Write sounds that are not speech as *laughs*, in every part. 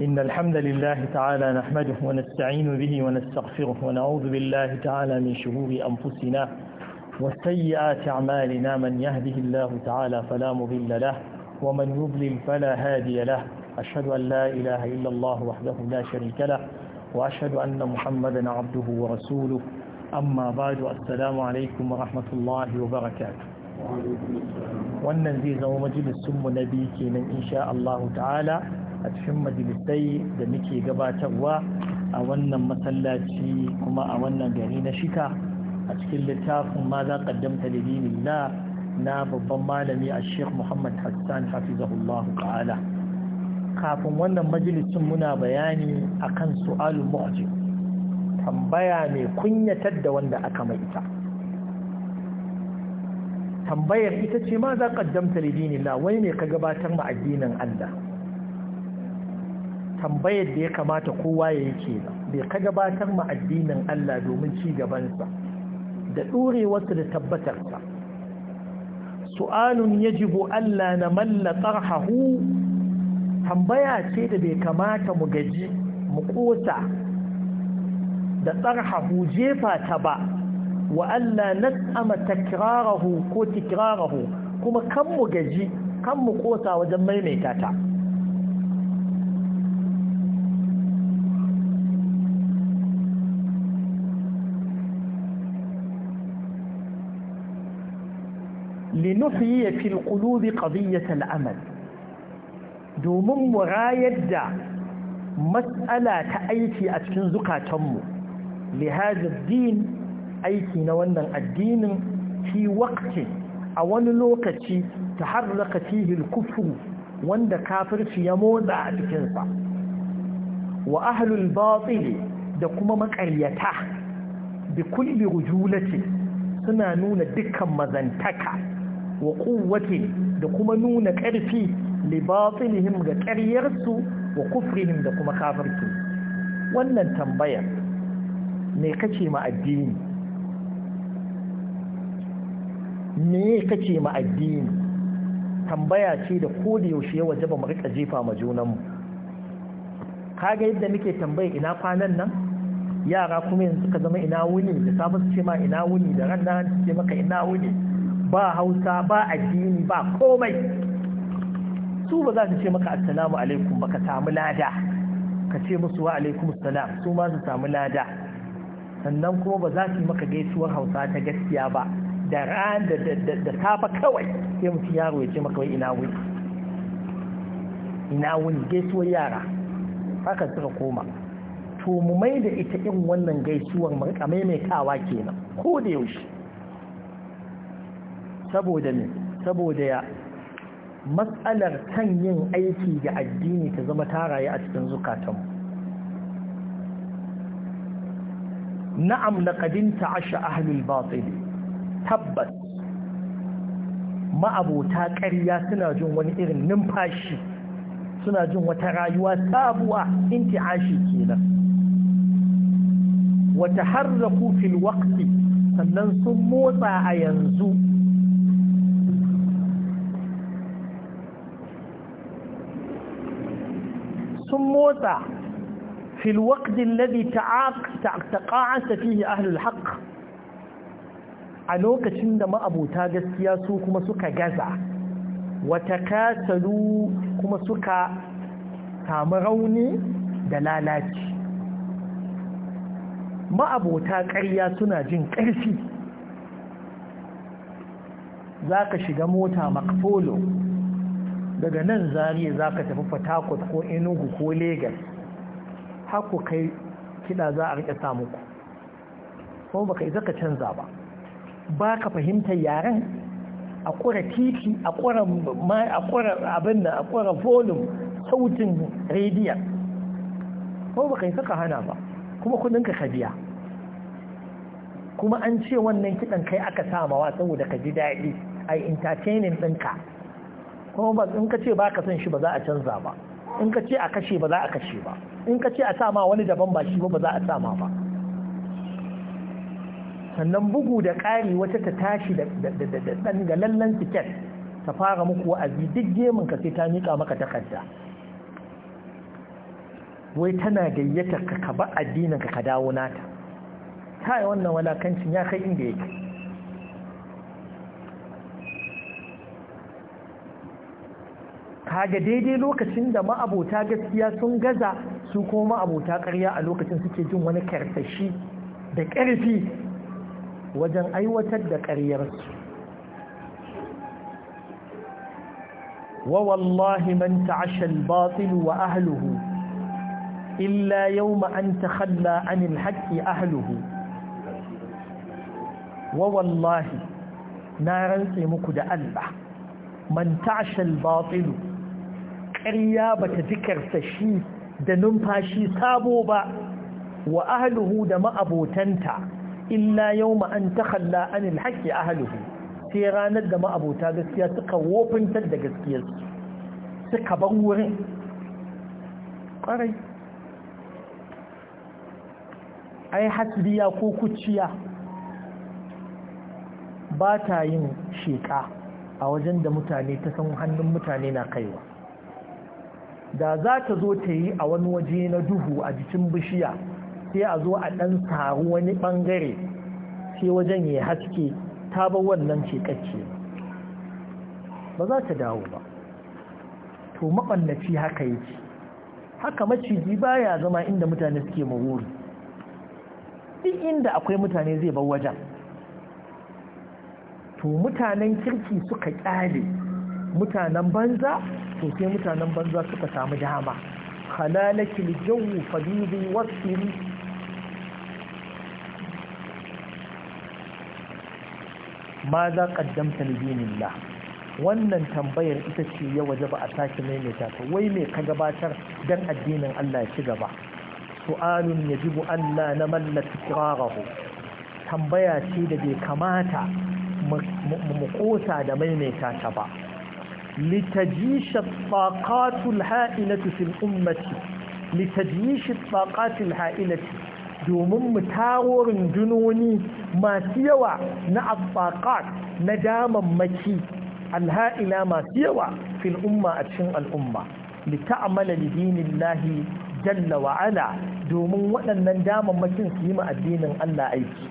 إن الحمد لله تعالى نحمده ونستعين به ونستغفره ونعوذ بالله تعالى من شرور أنفسنا وسيئات أعمالنا من يهده الله تعالى فلا مضل له ومن يضلل فلا هادي له أشهد أن لا إله إلا الله وحده لا شريك له وأشهد أن محمدا عبده ورسوله أما بعد السلام عليكم ورحمة الله وبركاته وأن نزيزه مجلس سم نبيك من إن شاء الله تعالى a cikin majalisai da muke gabatarwa a wannan masallaci kuma a wannan gari na shika a cikin littafin ma za kaddamta da na babban malami a sheikh muhammad hassan hafizahullahu ta'ala kafin wannan majalisin muna bayani akan su'alun mu'jib tambaya mai kunyatar da wanda aka mai ita tambayar ita ce ma za kaddamta lidinillah wai ne ka gabatar ma addinin Allah tambayar da ya kamata kowa ya yake bai ka gabatar ma addinin Allah domin ci gabansa da ɗorewarsa da tabbatarsa su'alun yajibu Allah na malla tsarhahu tambaya ce da bai kamata mu gaji mu kota da tsarhahu jefa ta ba wa Allah nas'ama takrarahu ko tikrarahu kuma kan mu gaji kan mu kota wajen maimaita ta linuhyi fil qulubi qadiyyat al-amal domin mu rayar da matsala ta aiki a cikin zukatanmu li aiki na wannan addinin fi waqti a wani lokaci taharraka fihi al-kufr wanda kafirci ya motsa a cikin wa ahlul batil da kuma maƙaryata bi kulli rujulati suna nuna dukkan mazantaka wa quwwatin da kuma nuna ƙarfi li batilihim ga ƙaryarsu wa kufrihim da kuma kafirci wannan tambaya me kace ma addini kace ma addini tambaya ce da koda yaushe ya wajaba mu rika jefa ma junanmu kaga yadda muke tambaye ina kwanan nan yara kuma yanzu suka zama ina wuni da safe su ce ma ina wuni da ran su ce maka ina wuni ba hausa ba addini ba komai su ba za su ce maka assalamu alaikum ba ka samu lada ka ce musu wa alaikum salam su ma su samu lada sannan kuma ba za su yi maka gaisuwar hausa ta gaskiya ba da ran da safa kawai sai mutum yaro ya ce maka wai ina wuni ina wuni gaisuwar yara haka suka koma to mu mai da ita irin wannan gaisuwar mu rika maimaitawa kenan ko da yaushe saboda ne saboda ya matsalar kan yin aiki ga addini ta zama taraye a cikin zukatanmu na'am laqadin asha ahlul batil tabbas ma'abota ƙarya suna jin wani irin numfashi suna jin wata rayuwa sabuwa in ashi kenan wata harraku fil waqti sannan sun motsa a yanzu sun motsa fil waqtin ladhi ta'aqta fihi ahlul haqq a lokacin da ma'abuta gaskiya su kuma suka gaza wata kuma suka samu rauni da lalaci ma'abota ƙarya suna jin ƙarfi za ka shiga mota makfolo daga nan zariya za ka tafi fatakot ko enugu ko Legas haku kai kiɗa za a rike samu ku kuma baka isa ka canza ba ba ka fahimtar yaren a kura titi a kura abin da a ƙura volume sautin rediya kuma ka hana ba kuma kudin ka biya kuma an ce wannan kiɗan kai aka samawa saboda ka ji daɗi ai entertaining ɗinka kuma in ka ce ba ka san shi ba za a canza ba in ka ce a kashe ba za a kashe ba in ka ce a sama wani daban ba shi ba ba za a sama ba sannan bugu da ƙari wata ta tashi da ɗan ga lallan tiket ta fara muku wa'azi duk gemun ka sai ta miƙa maka takarda wai tana gayyatar ka ka ba addinin ka ka dawo nata ta yi wannan walakancin ya kai inda yake kaga daidai lokacin da ma'abota gaskiya sun gaza su kuma ma'abota ƙarya a lokacin suke jin wani karsashi da ƙarfi wajen aiwatar da ƙaryarsu wa wallahi man ta'asha al-batil wa ahluhu illa yawma an takhalla an al-haqqi ahluhu wa wallahi na rantse muku da Allah man ta'asha al-batil ƙarya ba ta jikarsa shi da numfashi sabo ba wa ahluhu da ma'abotanta illa yau an ta kalla an haƙƙi ahluhu sai ranar da ma'abota gaskiya suka wofintar da gaskiyarsu suka bar wurin ƙwarai ai hasbiya ko kuciya ba ta yin sheƙa a wajen da mutane ta san hannun mutane na kaiwa da za ta zo ta yi a wani waje na duhu a jikin bishiya sai a zo a ɗan taru wani ɓangare sai wajen ya haske ta ba wannan ce kacce ba za ta dawo ba to maɓannaci haka yake haka maciji baya zama inda mutane suke mawuri duk inda akwai mutane zai bar wajen to mutanen kirki suka ƙyale mutanen banza to sai mutanen banza suka samu dama halalaki jawu fadidu wasiri ma za kaddamta lidinillah wannan tambayar ita ce ya waje ba a mai maimaita ta wai mai ka gabatar dan addinin Allah ya ci gaba su'alun yajibu Allah na mallat qarahu tambaya ce da bai kamata mu kosa da maimaita ta ba لتجيش الطاقات الهائلة في الأمة لتجيش الطاقات domin mu tawo rundunoni masu yawa na abbaqat na damammaki alha'ila masu yawa fil umma a cikin al'umma li ta'amala li dinillahi jalla wa domin waɗannan damammakin su yi ma addinin Allah aiki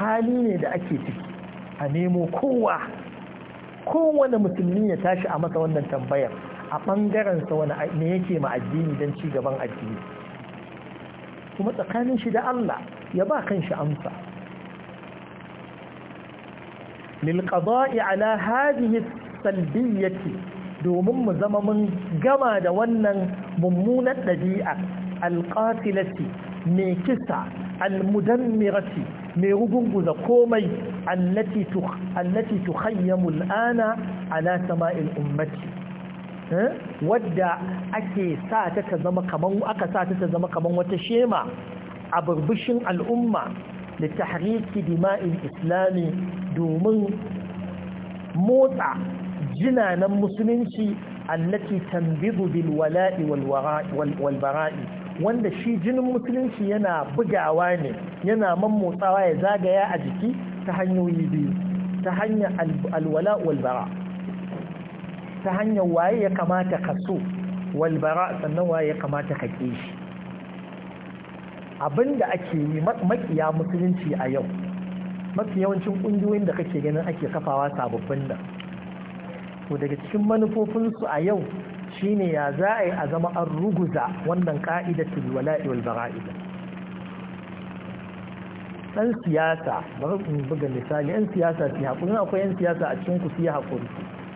hali ne da ake ciki a nemo kowa kowane musulmi ya tashi a masa wannan tambayar a ɓangaren sa wani ne yake ma addini don ci gaban addini kuma tsakanin shi da Allah ya ba kan shi amsa lilƙaza'i ala hadhihi salbiyyati domin mu zama mun gama da wannan mummunar ɗabi'a alƙatilati mai kisa almudammirati mai rugunguza komai allati allati tukhayyamu al'ana ala sama'il ummati eh? wadda ake sa ta ta zama kaman aka sa ta ta zama kaman wata shema a burbushin al'umma da tahriki dima'il islami domin motsa jinanan musulunci allati tanbidu bil wala'i wal bara'i wanda shi jinin musulunci yana bugawa ne yana mammotsawa ya zagaya a jiki ta hanyoyi biyu ta hanyar alwala walbara ta hanyar waye ya kamata ka so walbara sannan waye ya kamata ka ke shi abinda ake yi makiya musulunci a yau mafi yawancin ƙungiyoyin da kake ganin ake kafawa sababbin nan to daga cikin manufofinsu a yau shine ya za a yi a zama an ruguza wannan ka'idatul wala'i wal bara'i dan siyasa bari in buga misali yan siyasa su haƙuri akwai yan siyasa a cikin ku su yi haƙuri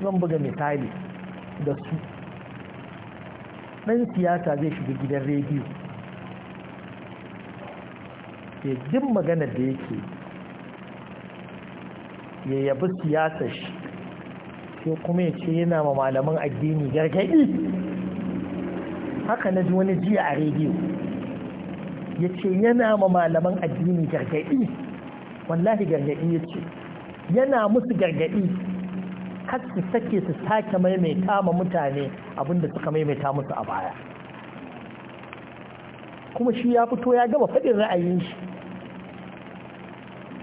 zan buga misali da su dan siyasa zai shiga gidan rediyo ya jin magana da yake ya yabi siyasar shi sai kuma yace yana ma malaman addini gargaɗi haka na ji wani jiya a rediyo yace ce yana ma malaman addini gargaɗi wallahi gargaɗi ya ce yana musu gargaɗi har su sake su sake maimaita ma mutane abinda suka maimaita musu a baya kuma shi ya fito ya gaba faɗin ra'ayin shi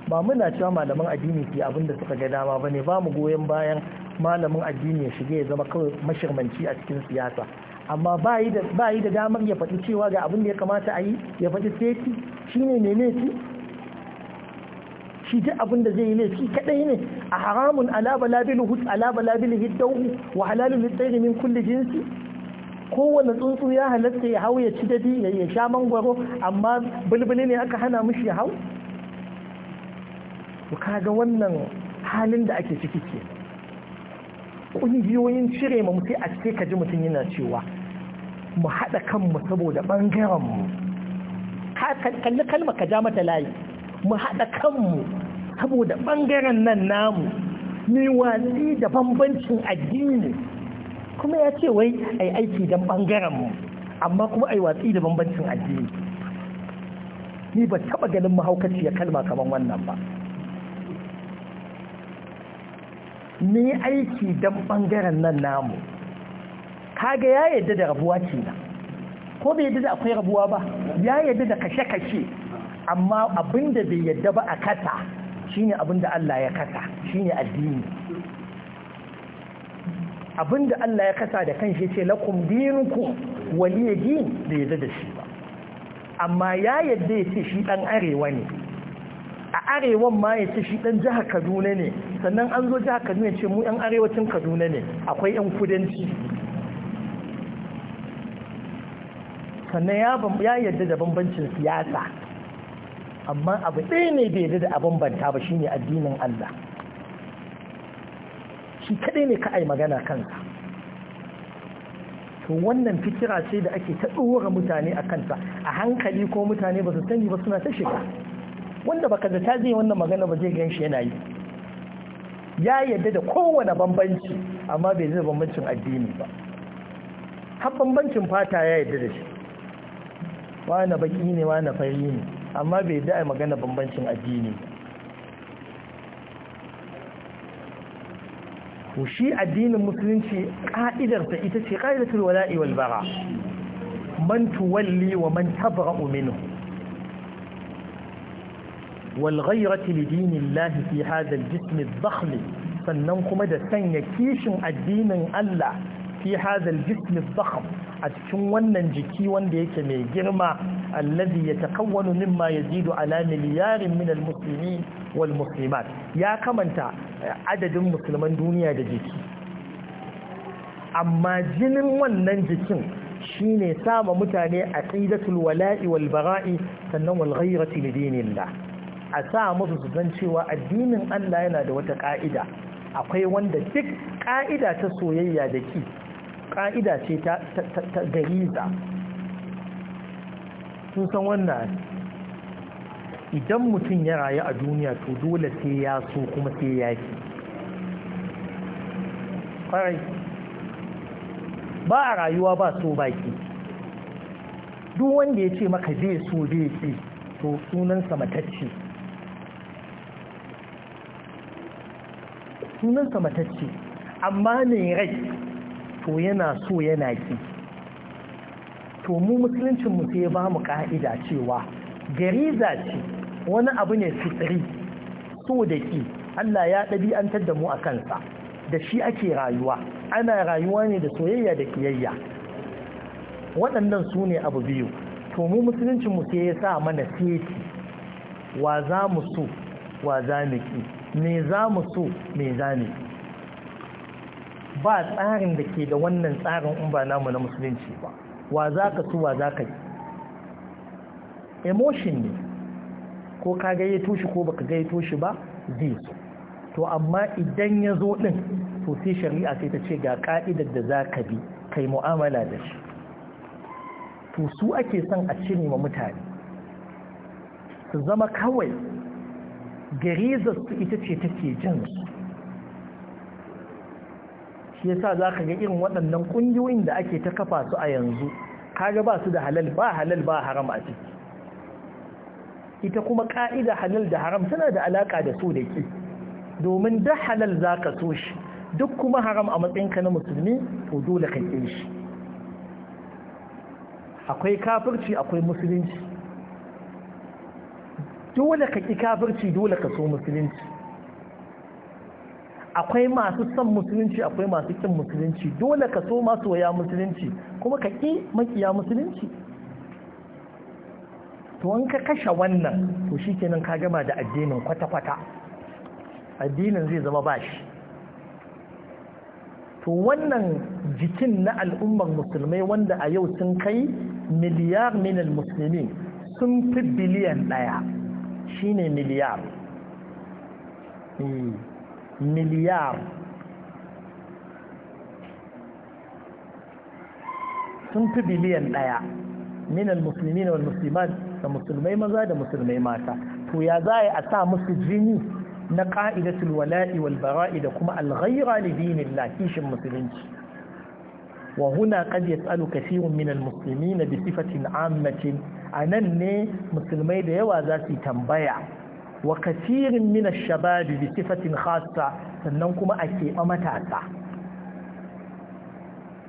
ba muna cewa malaman addini ke abinda suka ga dama ba ne ba mu goyon bayan malamin addini ya shige ya zama kawai mashirmanci a cikin siyasa amma ba yi da damar ya faɗi cewa ga abin da ya kamata a yi ya faɗi seti shi ne ne laifi shi ta abin da zai yi laifi kaɗai ne a haramun alabalabil hut alabalabil hiddahu wa halalun hiddahu min kulli jinsi kowane tsuntsu ya halatta ya hau ya ci dadi ya sha mangwaro amma bulbuli ne aka hana mushi ya hau ka ga wannan halin da ake ciki ke ƙungiyoyin cire ma sai a cike ka ji mutum yana cewa mu haɗa kanmu saboda ɓangaren mu kalli kalma ka ja mata layi mu haɗa kanmu saboda ɓangaren nan namu mai watsi da bambancin addini kuma ya ce wai a yi aiki don ɓangaren mu amma kuma a yi watsi da bambancin addini ni ba taɓa ganin mahaukaci ya kalma kamar wannan ba ni aiki don ɓangaren nan namu kaga ya yadda da rabuwa ce na ko bai yadda da akwai rabuwa ba ya yadda da kashe-kashe amma abinda bai yadda ba a kasa shine abinda Allah ya kasa shine addini abinda Allah ya kasa da kanshi ce lakum dinukum waliyadin bai yadda da shi ba amma ya yadda ya ce shi dan arewa ne a arewan ma ya ce shi dan jihar kaduna ne sannan an zo jihar kaduna ce mu 'yan arewacin kaduna ne akwai 'yan kudanci sannan ya yadda da bambancin siyasa amma abu ɗaya ne bai yadda da a bambanta ba shine addinin Allah shi kaɗai ne ka'ai magana kansa to wannan fikira ce da ake ta ɗora mutane a kansa a hankali ko mutane ba su sani ba suna ta shiga wanda baka ta zai wannan magana ba zai ganshi yana yi ya yadda da kowane bambanci amma bai zai bambancin addini ba har bambancin fata ya yadda da shi wani baki ne wani fari ne amma bai a magana bambancin addini ku shi addinin musulunci ta ita ce ka'idar wala'i wal bara man tuwalli wa man tabra'u minhu والغيرة لدين الله في هذا الجسم الضخم سننكم دا سنة كيشن الدين الله في هذا الجسم الضخم أتكون ونن جكي ونديك من جرمى الذي يتكون مما يزيد على مليار من المسلمين والمسلمات يا كمنت عدد المسلمين دنيا دا جكي أما جنن ونن جكين shine sama mutane aqidatul wala'i wal bara'i sannan wal ghayrati lidinillah a sa musu su zan cewa addinin Allah yana da wata ƙa'ida akwai wanda duk ƙa'ida ta soyayya da ki ƙa'ida ce ta gariza sun san wannan idan mutum ya rayu a duniya to dole sai ya so kuma sai ya ki ƙwarai ba a rayuwa ba so ba ki duk wanda ya ce maka zai so zai ki to sunansa matacce sunansa matacce amma ne rai to yana so yana ki to mu musuluncin mu sai ba mu ka'ida cewa gariza ce wani abu ne fitri so da ki Allah ya ɗabi'antar da mu a kansa da shi ake rayuwa ana rayuwa ne da soyayya da kiyayya waɗannan su ne abu biyu to mu musuluncin mu sai ya sa mana seti wa za mu so wa za mu ki me za mu so me za ne ba tsarin da ke da wannan tsarin in ba namu na musulunci ba wa za ka so wa za ka yi emotion ne ko ka gayyato shi ko baka gayyato shi ba zai so to amma idan ya zo ɗin to sai shari'a sai ta ce ga ka'idar da za ka bi kai mu'amala da shi to su ake son a cire ma mutane su zama kawai garizarsu ita ce take jansu shi yasa za ka ga irin waɗannan ƙungiyoyin da ake ta kafa su a yanzu kaga ba su da halal ba halal ba haram a ciki ita kuma ƙa'ida halal da haram tana da alaƙa da su da ke domin da halal za ka so shi duk kuma haram a matsayinka na musulmi to dole ka ke shi akwai kafirci akwai musulunci dole ka ƙi kafirci dole ka so musulunci akwai masu son musulunci akwai masu kin musulunci dole ka so waya musulunci kuma ka ƙi makiya musulunci to an ka kashe wannan to shi kenan ka gama da addinin kwata-kwata addinin zai zama bashi to wannan jikin na al'ummar musulmai wanda a yau sun kai miliyar minal musulmi sun fi biliyan ɗaya shine miliyar hmm. miliyar sun fi biliyan ɗaya minal musulmi na musulman da musulmai maza da musulmai mata to ya za a sa musu jini na ƙa'idatul wala'i wal bara'i da kuma alghaira li dinillah kishin musulunci wa huna qad yas'alu kathirun minal muslimina bi sifatin ammatin a nan ne musulmai da yawa za su tambaya wa kasirin mina shababi bi sifatin khasa sannan kuma a keɓa matasa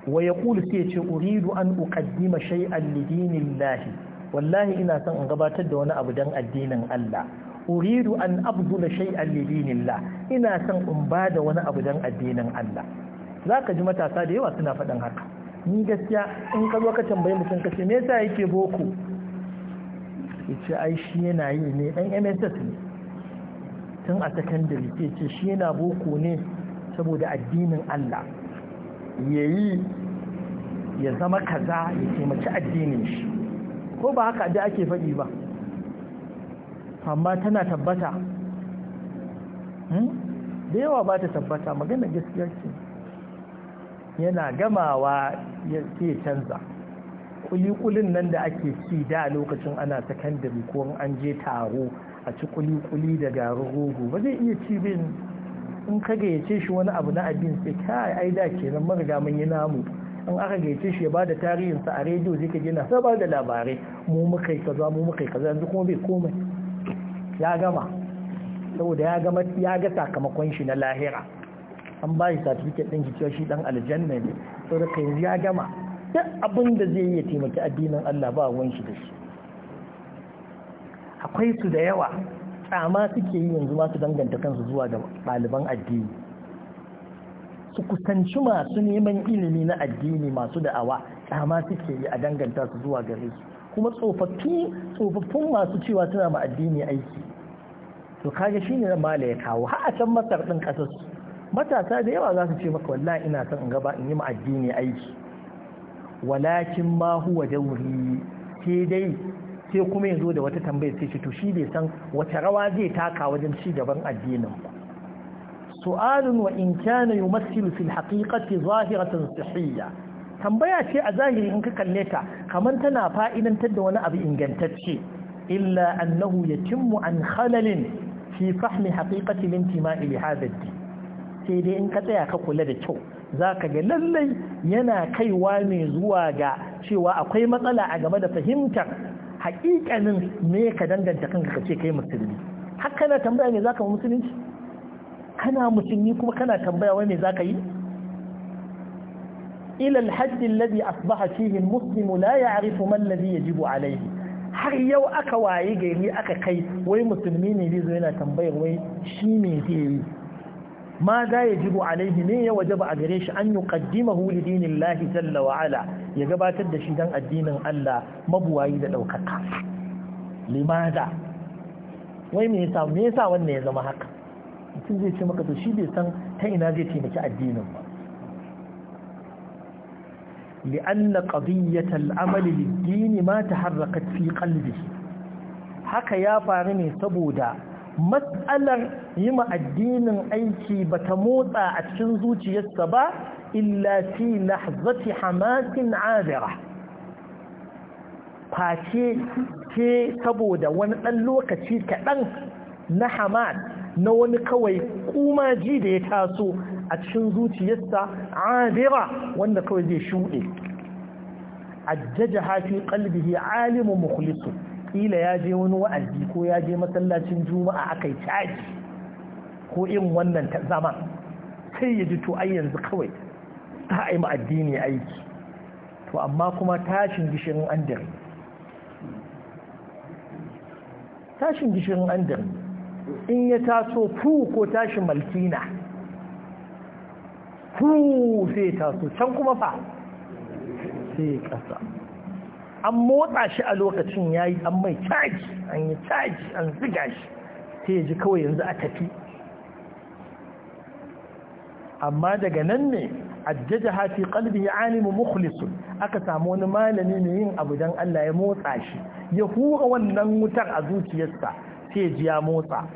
wa ya ƙulu sai ce uridu an uƙaddima shay'an lidinin lahi wallahi ina son in gabatar da wani abu don addinin Allah uridu an abdula shay'an lidinin la ina son in ba da wani abu don addinin Allah za ka ji matasa da yawa suna faɗin haka ni gaskiya in ka zo ka tambayi mutum ka ce me yasa yake boko ce ai shi yana yi ne ɗan mss ne tun a sakandare ke ce shi yana boko ne saboda addinin allah ya yi ya zama kaza ya taimaki addinin shi ko ba haka da ake faɗi ba amma tana tabbata hmm? da yawa ba ta tabbata magana gaskiya ce yana gamawa ya canza kulikulin nan da ake ci da lokacin ana sakandare ko an je taro a ci kulikuli da garin rogo ba zai iya ci bin in ka gayyace shi wani abu na abin sai kai ai da kenan mariga mun yi namu in aka gayyace shi ya bada tarihin sa a rediyo zai ka na sabar da labarai mu muka yi kaza mu muka yi kaza yanzu kuma bai komai ya gama saboda ya gama ya ga sakamakon shi na lahira an ba shi certificate din shi cewa shi dan aljanna ne saboda kai ya gama duk abin da zai iya taimaki addinin Allah ba wani shi da shi akwai su da yawa tsama suke yi yanzu masu danganta kansu zuwa ga ɗaliban addini su kusanci masu neman ilimi na addini masu da'awa tsama suke yi a danganta su zuwa gare su kuma tsofaffin masu cewa suna ma addini aiki to kaga shine na mala ya kawo har a can masar ɗin ƙasar matasa da yawa za su ce maka wallahi ina son in gaba in yi ma addini aiki walakin ma huwa dauri sai dai sai kuma yanzu da wata tambayar sai to shi bai san wata rawa zai taka wajen ci gaban addinin ku. su'alun wa in kana yumassilu fil haqiqati zahiratan sihiyya tambaya ce a zahiri in ka kalle ta kamar tana fa'idantar da wani abu ingantacce illa annahu yatimmu an khalalin fi fahmi haqiqati lintima'i li hadha sai dai in ka tsaya ka kula da kyau za ka ga lallai yana kaiwa ne zuwa ga cewa akwai matsala a game da fahimtar haƙiƙanin me ka danganta kanka ka ce kai musulmi har kana tambaya me za ka musulunci kana musulmi kuma kana tambaya wai me za ka yi إلى الحد الذي أصبح فيه المسلم لا يعرف ما الذي يجب عليه har yau aka waye gari aka kai wai musulmi ne zai zo yana tambayar wai shi me zai yi ma za ya jibo alaihi ne ya wajaba a gare shi an yi ƙaddima hulidinin lahi jalla wa'ala ya gabatar da shi don addinin Allah mabuwayi da ɗaukaka limada wai me yasa me yasa wannan ya zama haka mutum zai ce maka to shi bai san ta ina zai taimaki addinin ba لأن قضية العمل للدين ما تحركت في قلبه haka ya faru ne saboda matsalar yi ma addinin aiki ba ta motsa a cikin zuciyarsa ba illa fi lahzati hamasin adira face ke saboda wani ɗan lokaci kaɗan na hamad na wani kawai kumaji da ya taso a cikin zuciyarsa adira wanda kawai zai shuɗe jajaha fi ƙalbihi alimu mukhlisu kila ya je wani wa'azi ko ya je masallacin juma'a aka yi caji ko irin wannan ta zama sai ya ji to ai yanzu kawai ta a yi addini aiki to amma kuma tashin gishirin an dare tashin gishirin an dare in ya taso fu ko tashin malkina fu sai taso can kuma fa sai kasa an motsa shi a lokacin ya yi an mai caji an yi caji an ziga shi sai ya kawai yanzu a tafi amma daga nan ne ajjaja hafi kalbi ya alimu mukhlisun aka samu wani malami mai yin abu don Allah ya motsa shi ya hura wannan wutar a zuciyarsa sai ji ya motsa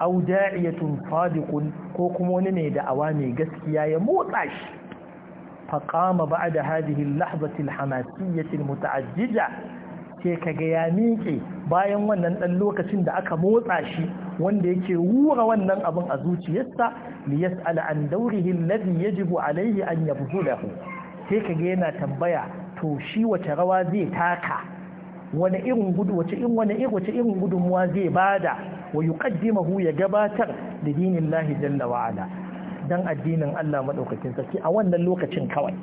au da'iyatun sadiqun ko kuma wani ne da'awa mai gaskiya ya motsa shi faƙama بعد da hadihin الحماسية hamasiyyatil muta'ajjija ka ga ya miƙe bayan wannan ɗan lokacin da aka motsa shi wanda yake wura wannan abin a zuciyarsa li yas'ala an daurihi ya yajibu alayhi an yabzulahu sai ka ga yana tambaya to shi wace rawa zai taka wani irin gudu wace irin wani irin wace irin gudunmuwa zai bada wa yuqaddimahu ya gabatar da dinillahi jalla wa'ala don addinin Allah maɗaukakin sarki a wannan lokacin kawai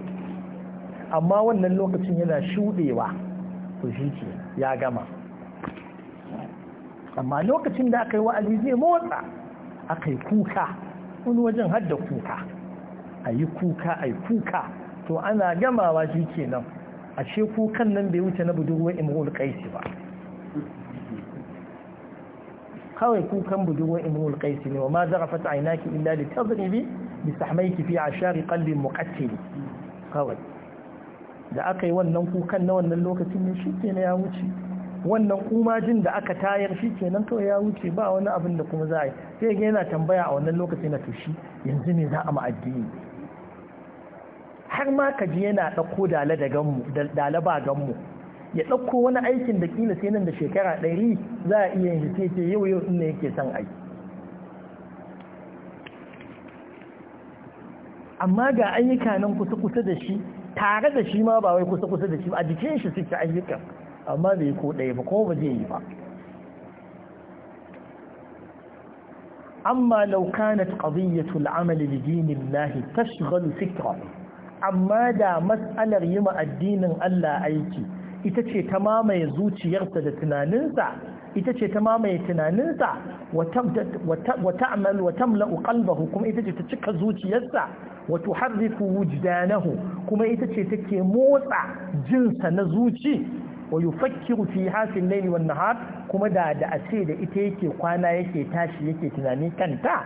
amma wannan lokacin yana shuɗewa to shi ce ya gama amma lokacin da aka yi wa'azi zai motsa aka yi kuka wani wajen hadda kuka a yi kuka a yi kuka to ana gamawa shi ke nan ashe kukan nan bai wuce na budurwar imrul kaisi ba kawai kukan budurwar imrul qais ne wa ma zarafat aynaki illa li tadribi bi sahmayki fi ashari qalbin muqattil kawai da aka yi wannan kukan na wannan lokacin ne shikenan ya wuce wannan kumajin da aka tayar shikenan kawai ya wuce ba wani abin da kuma za a yi sai ga yana tambaya a wannan lokacin na tushi yanzu ne za a ma addini har ma ka ji yana ɗauko dala da ganmu dala ba ganmu ya ɗauko wani aikin da kila sai nan da shekara ɗari za a iya yin sai ce yau yau ina yake son aiki amma ga ayyuka nan kusa-kusa da shi tare da shi ma ba wai kusa-kusa da shi ba a jikin shi suke ayyukan amma bai ko ɗaya ba kuma ba zai yi ba amma law kanat amali al-amal li dinillahi tashghalu fikra amma da mas'alar ma addinin Allah aiki ita ce ta mamaye zuciyarsa da tunaninsa ita ce ta mamaye tunaninsa wata ta'mal wa tamla'u qalbahu kuma ita ce ta cika zuciyarsa wa tuharriku wujdanahu kuma ita ce take motsa jinsa na zuci wa yufakkiru fi hafin layli wan nahar kuma da da ace da ita yake kwana yake tashi yake tunani kanta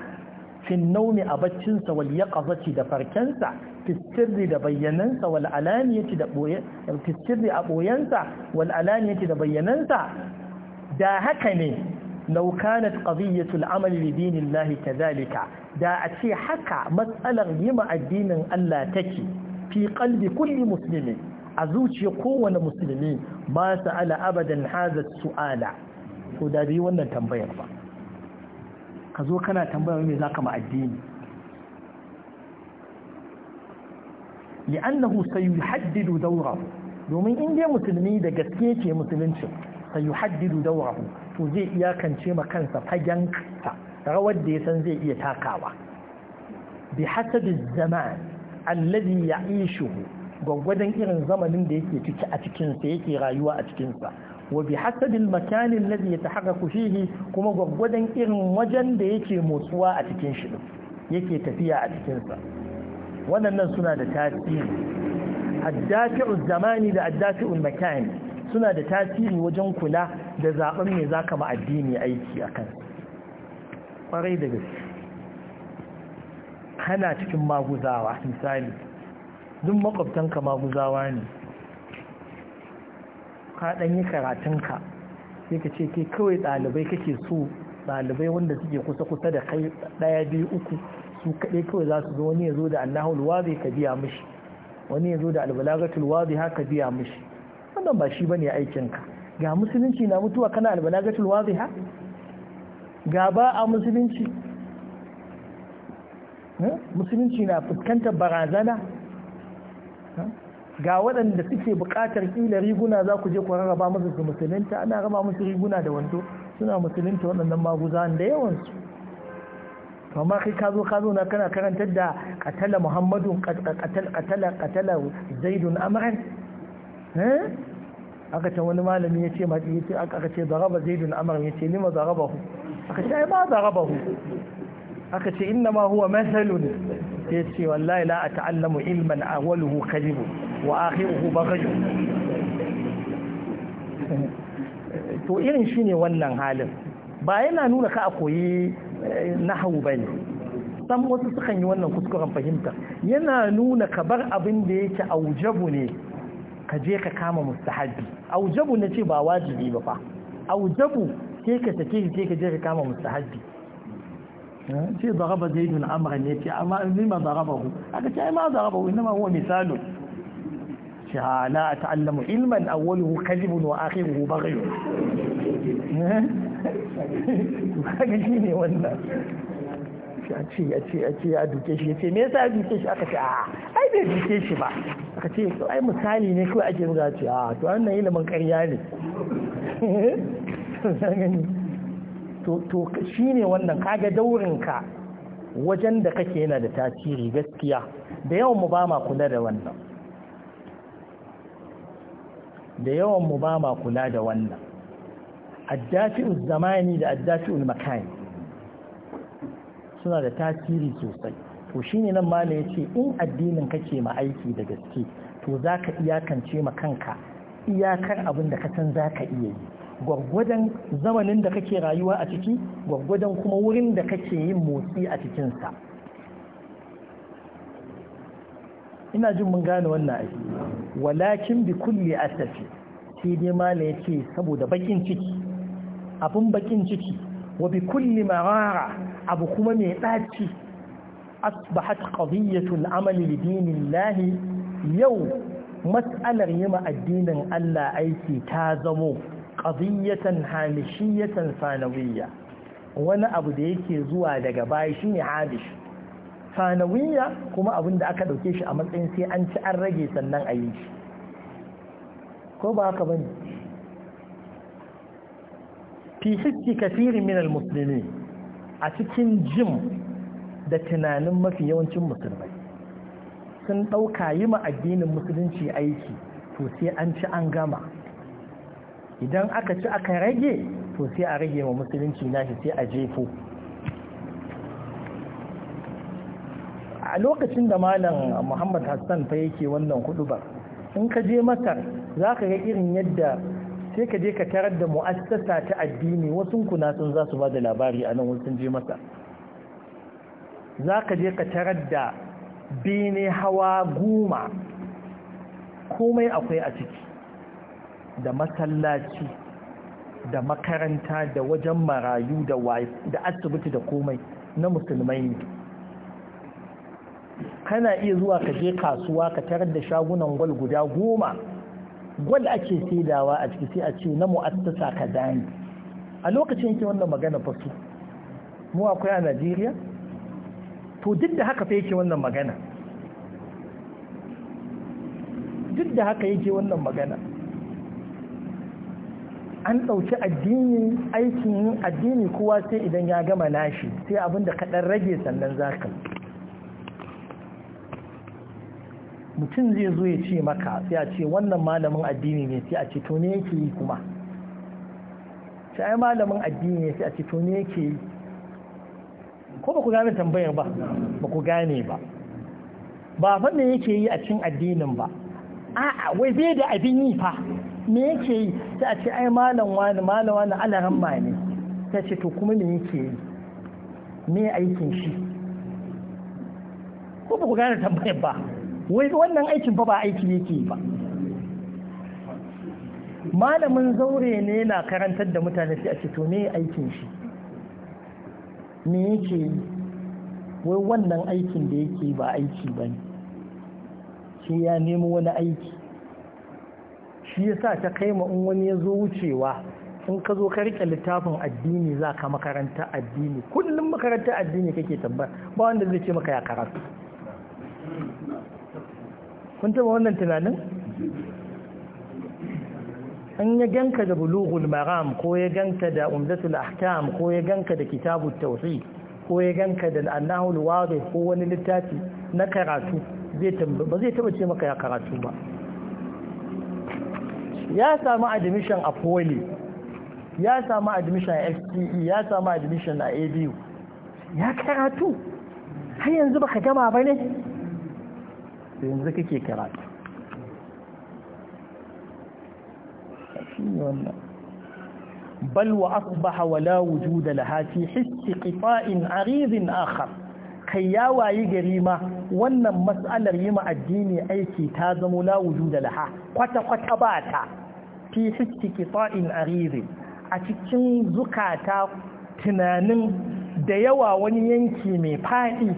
fi naumi a baccinsa wal yaqazati da farkensa fi da bayyanansa wal alaniyati da boye a boyansa wal da bayyanansa da haka ne law kanat qadiyatu al amali li dinillahi kadhalika da a ce haka matsalar yima addinin Allah take fi qalbi kulli muslimin a zuciya kowane musulmi basu sa'ala abadan hadha su'ala ko da bi wannan tambayar ba ka zo kana tambaya me zaka ma addini yi sayuhaddidu dawrahu domin in musulmi da gaske ke musulunci sayuhaddidu dawrahu to zai iyakance ma kansa fagen sa rawar da ya san zai iya takawa bi hasabi zaman alladhi ishu gwaggwadon irin zamanin da yake ciki a cikinsa yake rayuwa a cikinsa wa bi hasabil makanin ladhi yatahaqqaqu fihi kuma gwaggwadon irin wajen da yake motsuwa a cikin shi yake tafiya a cikin sa waɗannan suna da tasiri addafi'u zamani da addafi'u makani suna da tasiri wajen kula da zaben me zaka ma addini aiki akan kwarai da gaske kana cikin maguzawa misali duk makwabtanka maguzawa ne ka dan yi karatunka sai ka ce kai kawai ɗalibai kake so ɗalibai wanda suke kusa-kusa da kai ɗaya biyu uku su kaɗai kawai za su zo wani ya zo da allahul wazi ka biya mishi wani ya zo da albalagatul wazi ka biya mishi wannan ba shi bane aikinka ga musulunci na mutuwa kana albalagatul wazi ha ga ba a musulunci hmm? musulunci na fuskantar barazana ga waɗanda suke buƙatar ƙila riguna za ku je ku rarraba musu su musulunta ana raba musu riguna da wando suna musulunta waɗannan maguza da yawansu amma kai ka zo ka zo na kana karantar da katala muhammadun katala katala zaidun amran eh? aka ce wani malami ya ce mace yace aka ce zaraba zaidun amran ya ce zaraba zarabahu aka ce ai ba zarabahu aka ce inna ma huwa mathalun ya ce wallahi la ta'allamu ilman awwaluhu kadhibun واخره بغي *laughs* to irin shi ne wannan halin ba yana nuna ka a koyi eh, nahawu ba ne san wasu sukan yi wannan kuskuren fahimta yana nuna ka bar abin da yake aujabu ne ka je ka kama mustahabi aujabu na ce ba wajibi ba fa aujabu sai ka shi sai ka je ka kama mustahabi sai eh, zaraba zaidun amran ne ce amma ni ma zarabahu aka ce ai ma zarabahu inma huwa misalun نفسها لا أتعلم علما أوله كذب وآخره بغي haka shi ne wannan a ce a ce a ce a duke shi ya ce me yasa a duke shi aka ce a ai bai duke shi ba aka ce ai misali ne kawai ake buga ce a to wannan ilimin karya ne to shi ne wannan kaga daurin ka wajen da kake yana da tasiri gaskiya da yawan mu ba ma kula da wannan da yawan mu ba ma kula da wannan addafi'ul zamani da addafi'ul makani suna da tasiri sosai to shine nan malam ya yace in addinin kake ma aiki da gaske to zaka iyakance ma kanka iyakar abin da ka san zaka iya yi gwaggwadon zamanin da kake rayuwa a ciki gwaggwadon kuma wurin da kake yin motsi a cikinsa ina jin mun gane wannan aiki walakin bi kulli asafi sai dai mala ya ce saboda bakin ciki abin bakin ciki wa bi kulli marara abu kuma mai ɗaci asbahat qadiyatul amali li dinillahi yau mas'alar yima addinin Allah aiki ta zamo qadiyatan halishiyatan sanawiyya wani abu da yake zuwa daga baya shine halishi sanawiyya kuma abin da aka dauke shi a matsayin sai an ci an rage sannan a yi shi ko ba haka bane fi hissi kafirin minal musulmi a cikin jim da tunanin mafi yawancin musulmai sun ɗauka yi ma addinin musulunci aiki to sai an ci an gama idan aka ci aka rage to sai a rage ma musulunci nashi sai a jefo a lokacin da malam muhammad hassan fa yake wannan ba in ka je masar za ka ga irin yadda sai ka je ka tarar da mu'assasa ta addini wasu kuna sun za su ba da labari a nan wasu je masar za ka je ka tarar da bene hawa goma komai akwai a ciki da masallaci da makaranta da wajen marayu da asibiti da komai na musulmai kana iya zuwa ka je kasuwa ka tarar da shagunan gwal guda goma gwal ake saidawa a ciki sai a ce na mu'assasa ka dani a lokacin yake wannan magana fa su mu akwai a Najeriya to duk da haka fa yake wannan magana duk da haka yake wannan magana an ɗauki addini aikin addini kowa sai idan ya gama nashi sai abinda kaɗan rage sannan zaka mutum zai zo ya ce maka sai a ce wannan malamin addini ne sai a ce to ne yake yi kuma sai ai malamin addini ne sai a ce to ne yake yi ko ba ku gane tambayar ba ba ku gane ba ba fannin yake yi a cikin addinin ba a'a wai bai da abin yi fa me yake yi sai a ce ai malam wani malam wani alaran ma ne Sai a ce to kuma me yake yi me aikin shi ko ba ku gane tambayar ba wai wannan aikin fa ba aiki yake ba malamin zaure ne na karantar da mutane sai a ce to me aikin shi me yake wai wannan aikin da yake ba aiki ba ne shi ya nemi wani aiki shi ya sa ta kai in wani ya zo wucewa in ka zo ka rike littafin addini za ka makaranta addini kullum makaranta addini kake tabbar ba wanda zai ce maka ya karatu kun taba wannan tunanin an ya ganka da bulughul maram ko ya ganka da umdatul ahkam ko ya ganka da kitabut tauhid ko ya ganka da annahul wadi ko wani littafi na karatu zai tambaye ba zai taba ce maka ya karatu ba ya samu admission a poly ya samu admission a FCE ya samu admission a ABU ya karatu har yanzu baka gama ba ne to yanzu kake karatu بل وأصبح ولا وجود لها في حس قطاع عريض kai ya wayi gari ma wannan matsalar yi addini aiki ta zamo la wujuda laha kwata-kwata ba ta fi hiski kita'in ariri a cikin zukata tunanin da yawa wani yanki mai faɗi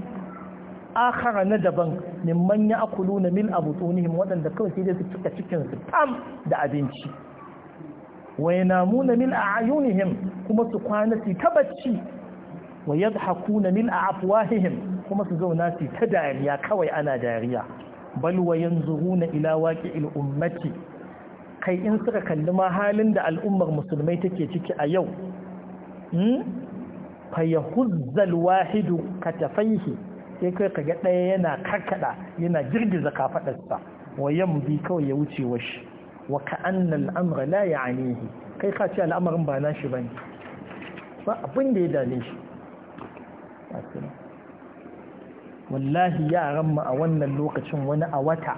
akhara na daban mimman ya akulu na mil abutunihim waɗanda kawai sai dai su cika cikin su tam da abinci wa yanamuna min a'yunihim kuma su kwana su ta bacci wa yadhakuna min afwahihim kuma su zauna su ta dariya kawai ana dariya bal wa yanzuruna ila waqi'il ummati kai in suka kalli ma halin da al'ummar musulmai take ciki a yau hmm, fayahuzzal wahidu katafaihi sai kai ka ga ɗaya yana karkada yana girgiza kafadarsa wa yamdi kawai ya wuce washi wa ka'anna al'amra la ya'anihi kai ka ce al'amarin ba shi bane ba abin da ya dame shi wallahi yaran mu a wannan lokacin wani a wata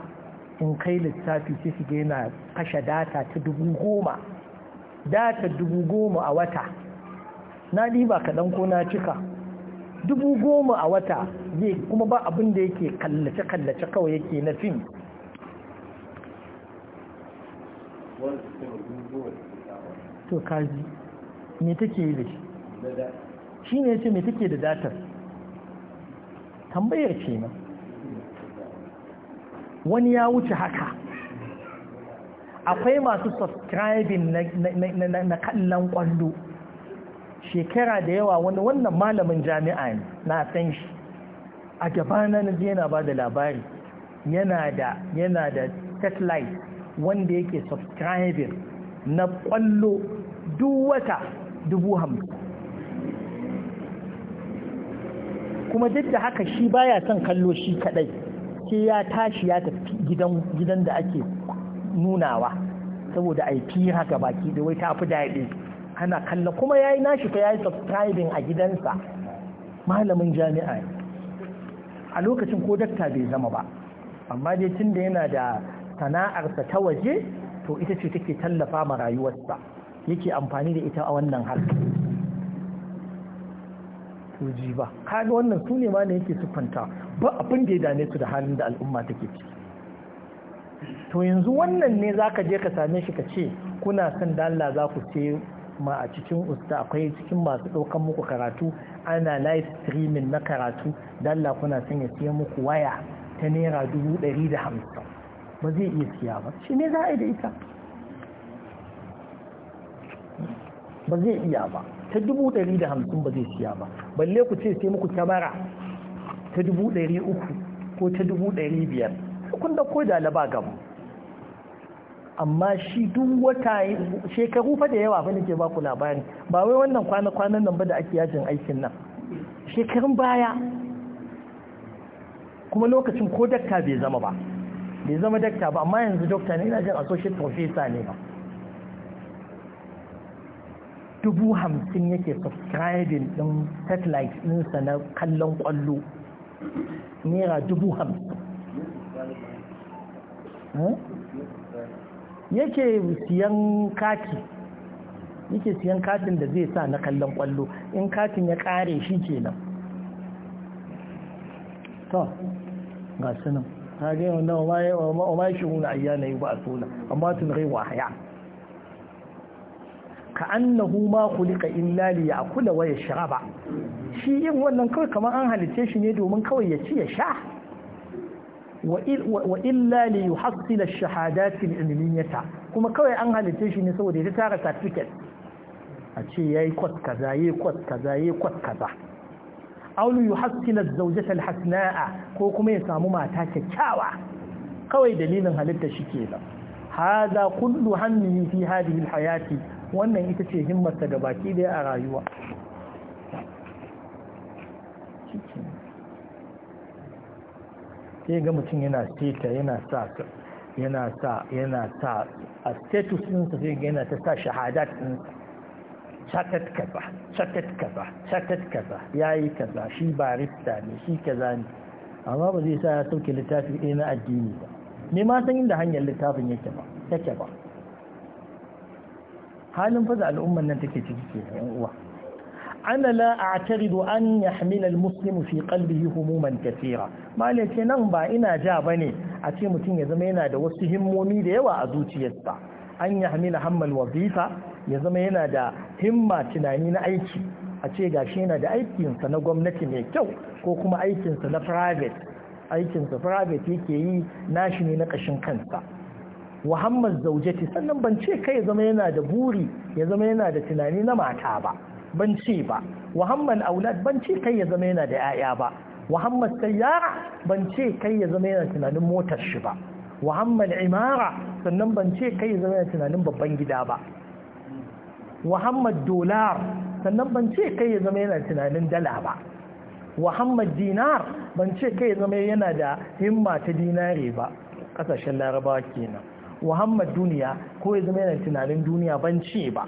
in kai lissafi sai su ga yana kashe data ta dubu goma data dubu goma a wata na ɗiba kaɗan ko na cika dubu goma a wata zai kuma ba abin da yake kallace-kallace kawai yake na fim to kaji me take yi da shi shi ne ce me take da datar tambayar ce na wani ya wuce haka akwai masu subscribing na kallon kwallo shekara da yawa wani wannan malamin jami'a ne na san shi a gabana na yana ba da labari yana da yana da satellite wanda yake subscribing na kwallo duwata dubu hamsin kuma duk da haka shi baya son kallo shi kadai sai ya tashi ya tafi gidan da ake nunawa saboda aiki haka baki da wai ta fi daɗi ana kalla kuma ya yi nashi ko ya yi subscribing a gidansa malamin jami'a ne a lokacin ko dakta bai zama ba amma dai tun da yana da sana'arsa ta waje to ita ce take tallafa ma rayuwarsa yake amfani da ita a wannan harka to ji ba kaga wannan su ne ma ne yake sukunta ba abin da ya dame su da halin da al'umma take ciki to yanzu wannan ne zaka je ka same shi ka ce kuna son dalla Allah za ku ce ma a cikin usta akwai cikin masu ɗaukan muku karatu ana live streaming na karatu dalla kuna son ya siya muku waya ta naira dubu ɗari da hamsin ba zai iya siya ba shi ne za a yi da ita ba zai iya ba ta dubu ɗari da hamsin ba zai siya ba balle ku ce sai muku kyamara ta dubu ɗari uku ko ta dubu ɗari biyar kun da ko da laba gamu amma shi duk wata shekaru fa da yawa bane ke ba ku labari ba wai wannan kwana-kwanan nan ba da ake yajin aikin nan shekarun baya kuma lokacin ko dakta bai zama ba bai zama dakta ba amma yanzu dokta ne ina jin associate professor ne ba dubu hamsin yake subscribing din satellite ɗinsa na kallon ƙwallo. naira dubu hamsin hmm? yake siyan kati yake siyan katin da zai sa na kallon kwallo in katin ya kare shi kenan to ga sunan ta ga yau shi wuna ayya na ba a suna amma tun rai wa haya ka annahu ma kulika in lali ya kula waya shara ba, shi yin wannan kawai kamar an halitta shi ne domin kawai ya ci ya sha wa’illa ne yi haskila shahadatin ilimin yata kuma kawai an halitta shi ne saboda ya tara certificate a ce ya yi kwaskaza ya yi kwaskaza ya yi kwaskaza haskila zaujata alhasna'a ko kuma ya samu mata kyakkyawa kawai dalilin halitta shi ke nan haza kullu hannun yi fi hadihin hayati wannan ita ce himmarsa ga baki daya a rayuwa sai ga mutum yana seta yana sa yana sa yana sa a status sa sai yana ta sa shahadat din chatat kaza chatat kaza chatat kaza yayi kaza shi barista ne shi kaza ne amma ba zai sa ya sauke littafi ɗaya na addini ba ne ma san inda hanyar littafin yake ba take ba halin faza al'ummar nan take ciki ke yan uwa ana la a'taridu an yahmila al-muslimu fi qalbihi humuman kathira malaka nan ba ina ja bane a ce mutum ya zama yana da wasu himmomi da yawa a zuciyarsa an yahmila hammal wazifa ya zama yana da himma tunani na aiki a ce gashi yana da aikinsa na gwamnati mai kyau ko kuma aikinsa na private aikinsa private yake yi nashi ne na kashin kansa Muhammad hammar zaujati sannan ban ce kai ya zama yana da buri ya zama yana da tunani na mata ba ban ce ba muhammad aulad ban ce kai ya zama yana da 'ya'ya ba muhammad sayyara ban ce kai ya zama yana tunanin motar shi ba Muhammad imara sannan ban ce kai ya zama yana tunanin babban gida ba Muhammad dolar sannan ban ce kai ya zama yana tunanin dala ba Muhammad dinar ban ce kai ya zama yana da himma ta dinare ba kasashen larabawa kenan Muhammad duniya ko ya zama yana tunanin duniya ban ce ba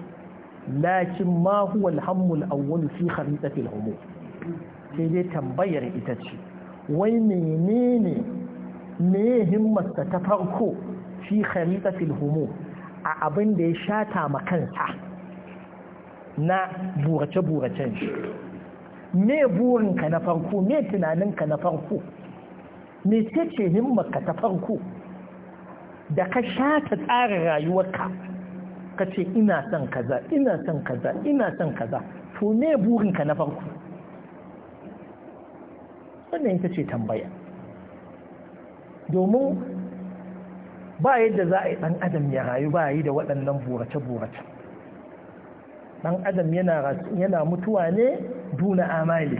lakin ma huwa alhammul awwal fi kharitatil umur sai dai tambayar ita ce wai menene me himmarsa ta farko fi kharitatil umur a abin da ya shata ma kansa na burace-buracen shi me burinka na farko me tunaninka na farko me ce himmarka ta farko da ka shata tsarin rayuwarka ka ce ina son kaza ina son kaza ina son kaza to ne burinka na farko wannan ita ce tambaya domin ba yadda za a yi ɗan adam ya rayu ba yi da waɗannan burace-burace ɗan adam yana mutuwa ne duna amali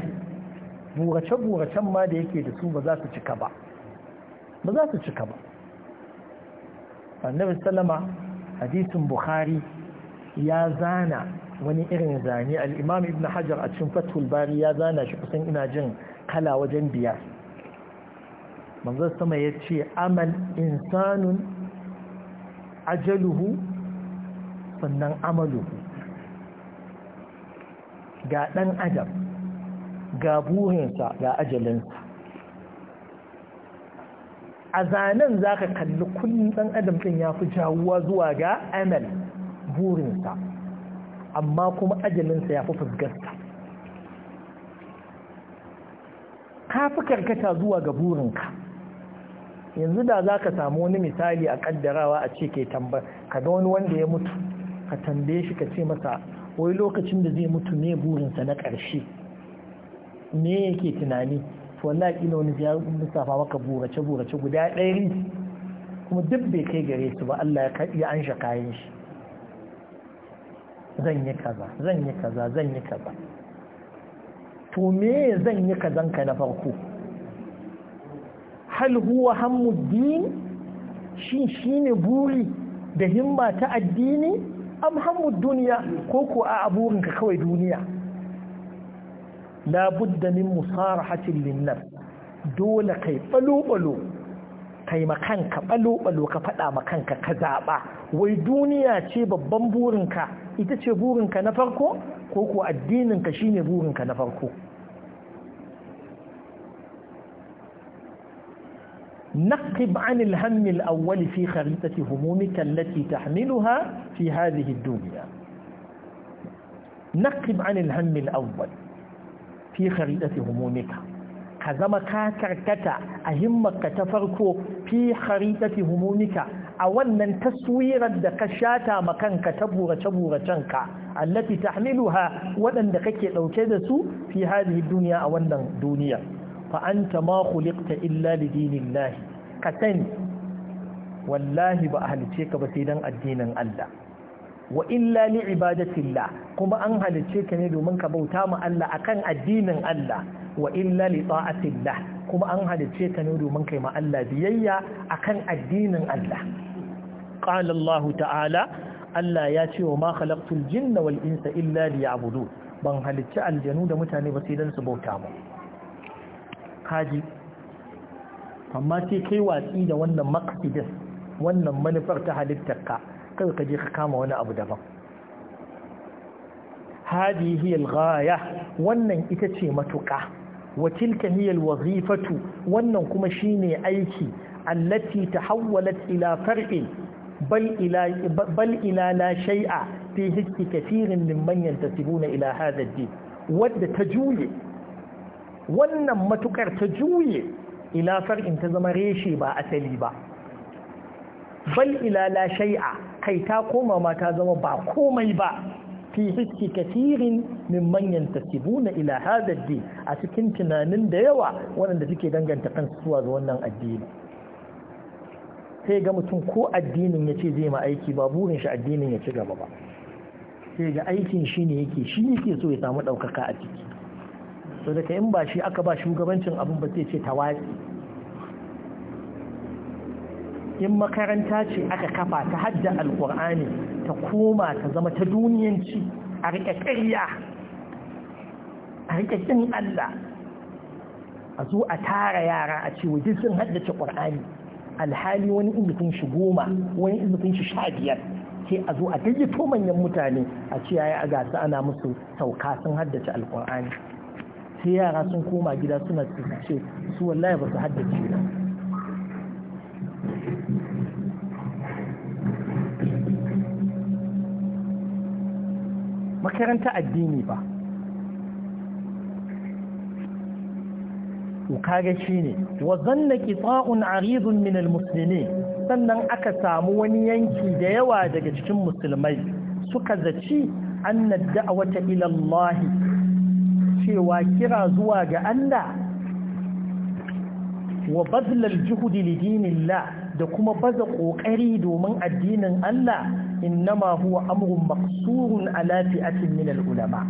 burace-buracen ma da yake da su ba za su cika ba ba za su cika ba annabi sallama hadisin bukhari ya zana wani irin zane al'imam ibn hajar a cikin fathul bari ya zana shi kusan ina jin kala wajen biya manzon sama ya ce amal insanun ajaluhu sannan amaluhu ga ɗan adam ga burinsa ga ajalinsa a zanen za ka kalli kullum ɗan adam ɗin ya fi jawuwa zuwa ga amal burinsa amma kuma ajalinsa ya fi fuskarta ka fi karkata zuwa ga burinka yanzu da za ka samu wani misali a ƙaddarawa a ce ke tambar ka ga wani wanda ya mutu ka tambaye shi ka ce masa wai lokacin da zai mutu ne burinsa na ƙarshe me yake tunani to wallahi ina wani ya lissafa maka burace burace guda ɗari kuma duk bai kai gare su ba Allah ya an ansha kayan shi zan yi kaza zan yi kaza zan yi kaza to me zan yi kazan ka na farko hal huwa hammuddin shi shine buri da himma ta addini am hammud duniya ko ko a aburinka kawai duniya لا بد من مصارحة للنفس دول كي بلو بلو كي مكانك بلو بلو كفتا مكانك كذابة ويدوني أتيب بمبورنك إذا تبورنك نفركو كوكو الدينك شين بورنك نفركو نقب عن الهم الأول في خريطة همومك التي تحملها في هذه الدنيا نقب عن الهم الأول fi kharidati humumika ka zama ka karkata a himmarka ta farko fi kharidati humumika a wannan taswirar da ka shata ma kanka ta burace buracen ka allati tahmiluha waɗanda kake ɗauke da su fi hadhihi duniya a wannan duniya fa anta ma khuliqta illa li dinillahi ka sani wallahi ba a halice ka ba sai dan addinin Allah wa illa li ibadatillah kuma an halicce ka ne domin ka bauta ma Allah akan addinin Allah wa illa li ta'atillah kuma an halicce ka ne domin kai ma Allah biyayya akan addinin Allah qala Allah ta'ala Allah ya ce wa ma khalaqtul jinna wal insa illa abudu. ban halicci aljanu da mutane ba sai dan su bauta mu kaji amma sai kai watsi da wannan maqsidin wannan manufar ta halittarka kada ka je ka kama wani abu daban hadihi al-ghaya wannan ita ce matuƙa. Wakilta tilka hiya wazifatu wannan kuma shine aiki allati tahawwalat ila far'in bal ila bal ila la shay'a fi hikki kathirin mimman yantasibuna ila hadha ad-din wadda tajuye wannan matukar tajuye ila far'in ta zama reshe ba asali ba bal ila la kai ta koma ma ta zama ba komai ba fi hissi kasirin min manyan tasibuna ila hada din a cikin tunanin da yawa waɗanda suke danganta kansu zuwa ga wannan addini sai ga mutum ko addinin ya ce zai ma aiki ba burin shi addinin ya ci gaba ba sai ga aikin shi ne yake shi yake so ya samu ɗaukaka a ciki so daga in ba shi aka ba shugabancin abin ba sai ce tawaki in makaranta ce aka kafa ta hadda alkur'ani ta koma ta zama ta duniyanci a rike ƙarya a rike ƙin Allah a zo a tara yara a ce wajen sun haddace ƙur'ani alhali wani izufin shi goma wani izufin shi sha biyar a zo a gayyato manyan mutane a ce yaya a gasa ana musu sauka sun haddace alkur'ani sai yara sun koma gida suna ce su wallahi ba su haddace ba makaranta addini ba kaga shine wa zanna qita'un 'aridun min al-muslimin sannan aka samu wani yanki da yawa daga cikin musulmai suka zaci anna da'wata ila Allah cewa kira zuwa ga Allah wa badal al-juhd li dinillah da kuma baza kokari domin addinin Allah innama huwa amrun maqsurun ala fi'atin min al-ulama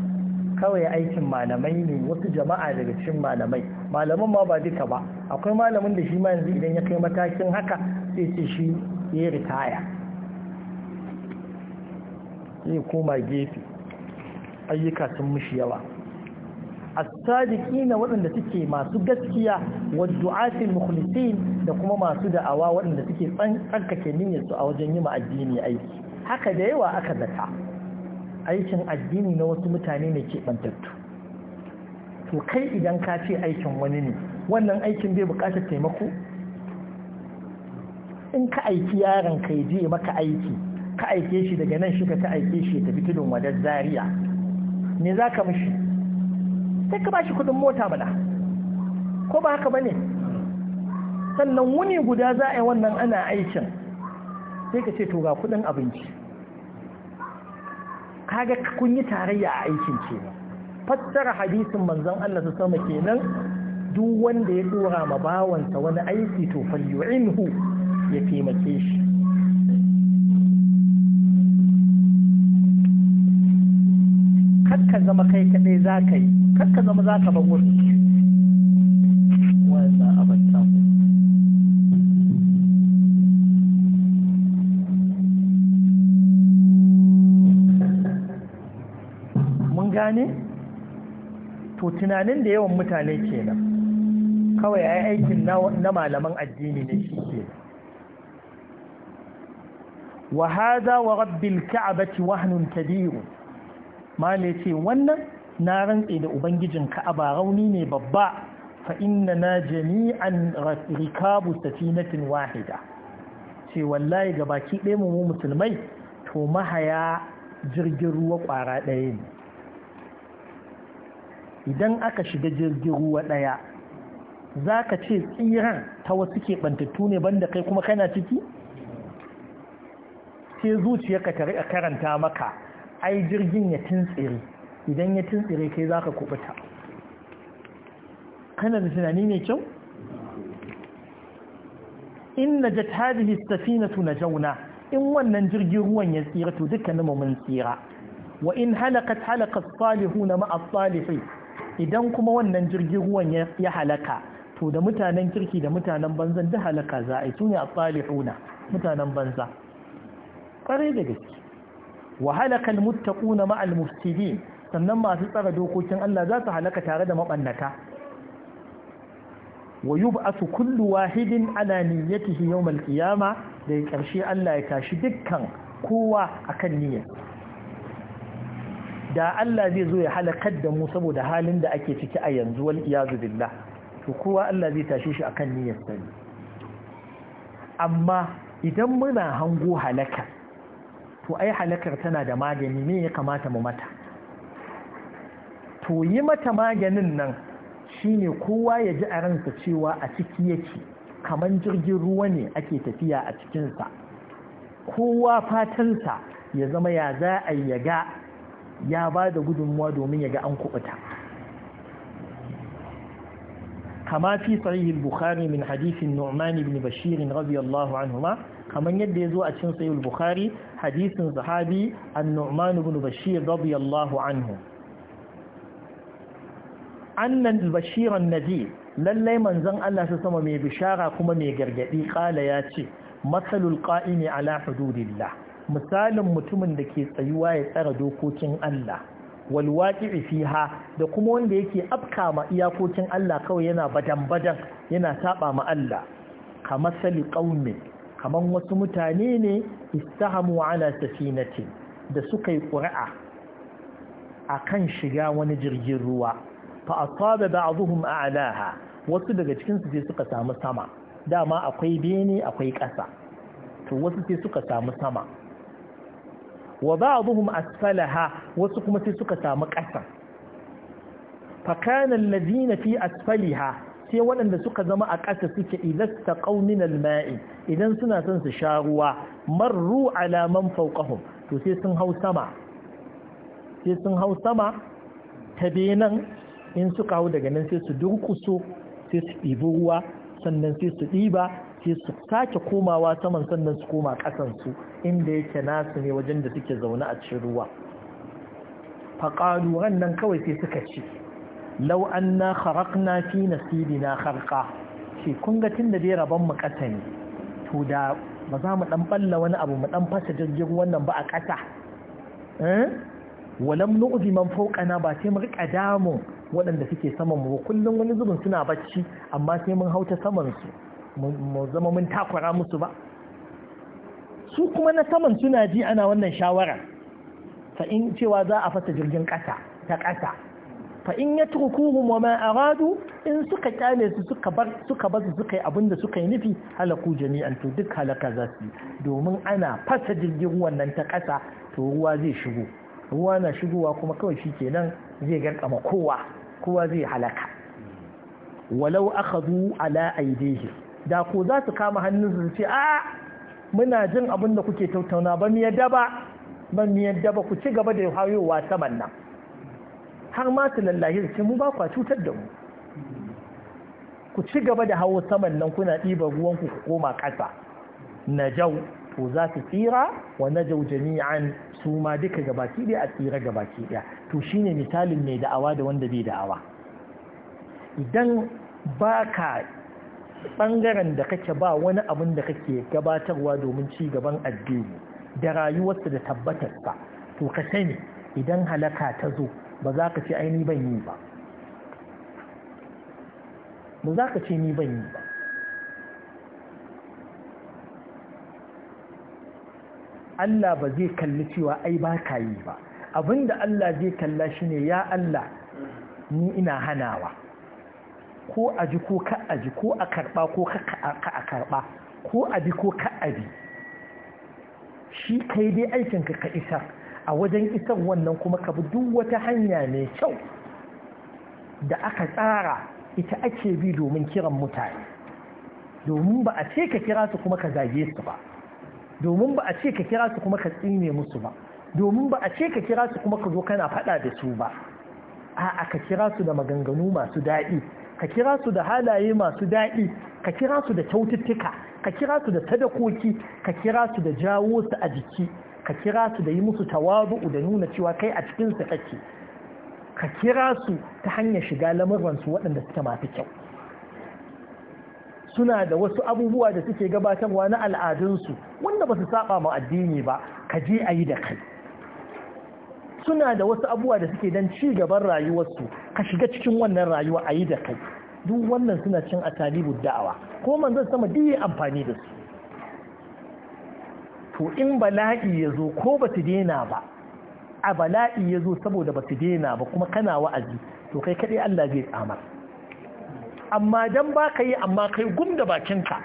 kawai aikin malamai ne wasu jama'a daga cikin malamai malaman ma ba duka ba akwai malamin da shi ma yanzu idan ya kai matakin haka sai ce shi ya ritaya zai koma gefe ayyuka sun mushi yawa as-sadiqina waɗanda suke masu gaskiya wa du'atil mukhlisin da kuma masu da'awa waɗanda suke tsarkake niyyarsu a wajen yi ma addini aiki haka da yawa aka zata aikin addini na wasu mutane ne ke bantattu to kai idan ka ce aikin wani ne wannan aikin bai bukatar taimako in ka aiki yaron ka je maka aiki ka aike shi daga nan shi ka ta aike shi ta tudun wadar zariya ne za ka mishi sai ka ba shi kudin mota bala ko ba haka ba ne sannan wuni guda za a yi wannan ana aikin sai ka ce to ga kudin abinci kaga kun yi tarayya a aikin ce fassara hadisin manzon Allah su sama kenan duk wanda ya dora ma bawansa wani aiki to falyu'inhu ya taimake shi kakka zama kai kadai za ka yi kakka zama za ka mutane to tunanin da yawan mutane kenan kawai yi aikin na malaman addini ne shi ke wa haza wa rabbil ka'abati wahnun kabiru male ce wannan na rantse da ubangijin ka'aba rauni ne babba fa na jami'an rikabu safinatin wahida ce wallahi ga baki ɗaya mu musulmai to mahaya jirgin ruwa ƙwara ɗaya ne idan aka shiga jirgin ruwa ɗaya za ka ce tsiran ta wasu keɓantattu ne banda kai kuma kana ciki sai ka ta riƙa karanta maka ai jirgin ya tuntsire idan ya tuntsire kai za ka kubuta kana da tunani mai kyau in na jatadihi su na jauna in wannan jirgin ruwan ya tsira to dukkaninmu mun tsira wa in halakat halakat salihuna ma'a salihai idan kuma wannan jirgin ruwan ya halaka to da mutanen kirki da mutanen banzan da halaka za a yi tuni a tsalihuna mutanen banza ƙwarai da gaske wa halakal muttaquna ma'al mufsidin sannan masu tsara dokokin Allah za su halaka tare da mabannata wa yub'athu kullu wahidin ala niyyatihi yawm al-qiyamah da ƙarshe Allah ya tashi dukkan kowa akan niyyarsa da Allah zai zo ya halakar da mu saboda halin da ake ciki a yanzu wal iyazu billah to kowa Allah zai tashi shi akan niyyar sani amma idan muna hango halaka to ai halakar tana da magani ne ya kamata mu mata to yi mata maganin nan shine kowa ya ji a ransa cewa a ciki yake kaman jirgin ruwa ne ake tafiya a cikinsa kowa fatansa ya zama ya za a yaga ya ba da gudunmuwa domin ya ga an kubuta kama fi sahihi al-bukhari min hadith nu'man ibn bashir radiyallahu anhuma kaman yadda yazo a cikin sahihi al-bukhari hadithin sahabi an-nu'man ibn bashir radiyallahu anhu annan bashir an-nabi lallai manzon Allah sa sama mai bishara kuma mai gargadi qala ya ce masalul qa'imi ala hududillah misalin mutumin da ke tsayuwa ya tsara dokokin Allah walwaƙi fiha da kuma wanda yake afka ma iyakokin Allah kawai yana badan-badan yana saba ma Allah kamar sali ƙaunin kamar wasu mutane ne istahamu ala safinati da suka yi ƙuri'a a kan shiga wani jirgin ruwa fa asaba ba'dhum a'laha wasu daga cikin su sai suka samu sama dama akwai bene akwai ƙasa to wasu sai suka samu sama wa ba ba'dhum asfalaha wasu kuma sai suka samu ƙasa fa kana alladhina fi asfaliha sai waɗanda suka zama a ƙasa suke ilasta ta ƙaunin alma'i idan suna son su sha ruwa marru alaman fauƙahun to sai sun hau sama sai sun hau sama ta benan in suka hau daga nan sai su durkuso sai su ɗibi ruwa sannan sai su ɗiba sai su sake komawa saman sannan su koma ƙasansu inda yake nasu ne wajen da suke zaune a cikin ruwa faƙalu nan kawai sai suka ce lau an na fi nasibi na harka ce kun ga tun da dai rabon mu ƙasa ne to da ba za mu ɗan ɓalla wani abu mu ɗan fasa jirgin wannan ba a ƙasa eh? walam nu'zi man fawqana ba sai mu riƙa damun waɗanda suke saman mu kullum wani zubin suna bacci amma sai mun hauta saman su mu zama mun takura musu ba su kuma na saman suna ji ana wannan shawara fa in cewa za a fasa jirgin kasa ta kasa fa in ya turku wa ma aradu in suka kyale su suka bar suka bar su suka yi suka yi nufi halaku jami'an to duk halaka za su domin ana fasa jirgin ruwan nan ta ƙasa to ruwa zai shigo ruwa na shigowa kuma kawai shi kenan zai garkama kowa kowa zai halaka walau akhadhu ala aidihim da ku za su kama hannun su ce a muna jin abin da kuke tattauna ba mu yadda ba ba mu yadda ba ku ci gaba da hayowa saman nan har ma su lallahi ce mu ba kwa cutar da mu ku ci gaba da hawo saman nan kuna ɗiba ruwan ku koma ƙasa na jau to za su tsira wa na jau jami'an su ma duka gabaki ɗaya a tsira gabaki ɗaya to shine misalin mai da'awa da wanda bai da'awa idan ba ka ɓangaren da kake ba wani abin da kake gabatarwa domin ci gaban addini da rayuwarsa da tabbatarsa to ka sani idan halaka ta zo ba za ka ce ai ban yi ba ba za ka ce ni ban yi ba Allah ba zai kalli cewa ai ba ka yi ba abinda Allah zai kalla shi ne ya Allah ni ina hanawa ko a ji ko ka a ji ko a karɓa ko ka a karɓa ko a bi ko ka a bi shi kai dai aikinka ka isa a wajen isan wannan kuma ka bi duk wata hanya mai kyau da aka tsara ita ake bi domin kiran mutane domin ba a ce ka kira su kuma ka zage su ba domin ba a ce ka kira su kuma ka tsine musu ba domin ba a ce ka kira su kuma ka zo kana faɗa da su ba a'a ka kira su da maganganu masu daɗi ka kira su da halaye masu daɗi ka kira su da kyaututtuka ka kira su da sadakoki ka kira su da jawo su a jiki ka kira su da yi musu tawadu'u da nuna cewa kai a cikin su kake ka kira su ta hanyar shiga lamuransu waɗanda suke masu kyau suna da wasu abubuwa da suke gabatarwa na al'adunsu wanda ba su saba ma addini ba ka je a yi da kai suna da wasu abubuwa da suke don ci gaban rayuwarsu ka shiga cikin wannan rayuwa a yi da kai duk wannan suna cin a talibu da'awa ko zan sama duk yi amfani da su to in bala'i ya zo ko ba su daina ba a bala'i ya zo saboda ba su daina ba kuma kana wa'azi to kai kaɗai Allah zai tsamar amma dan ba ka yi amma kai gum da bakinka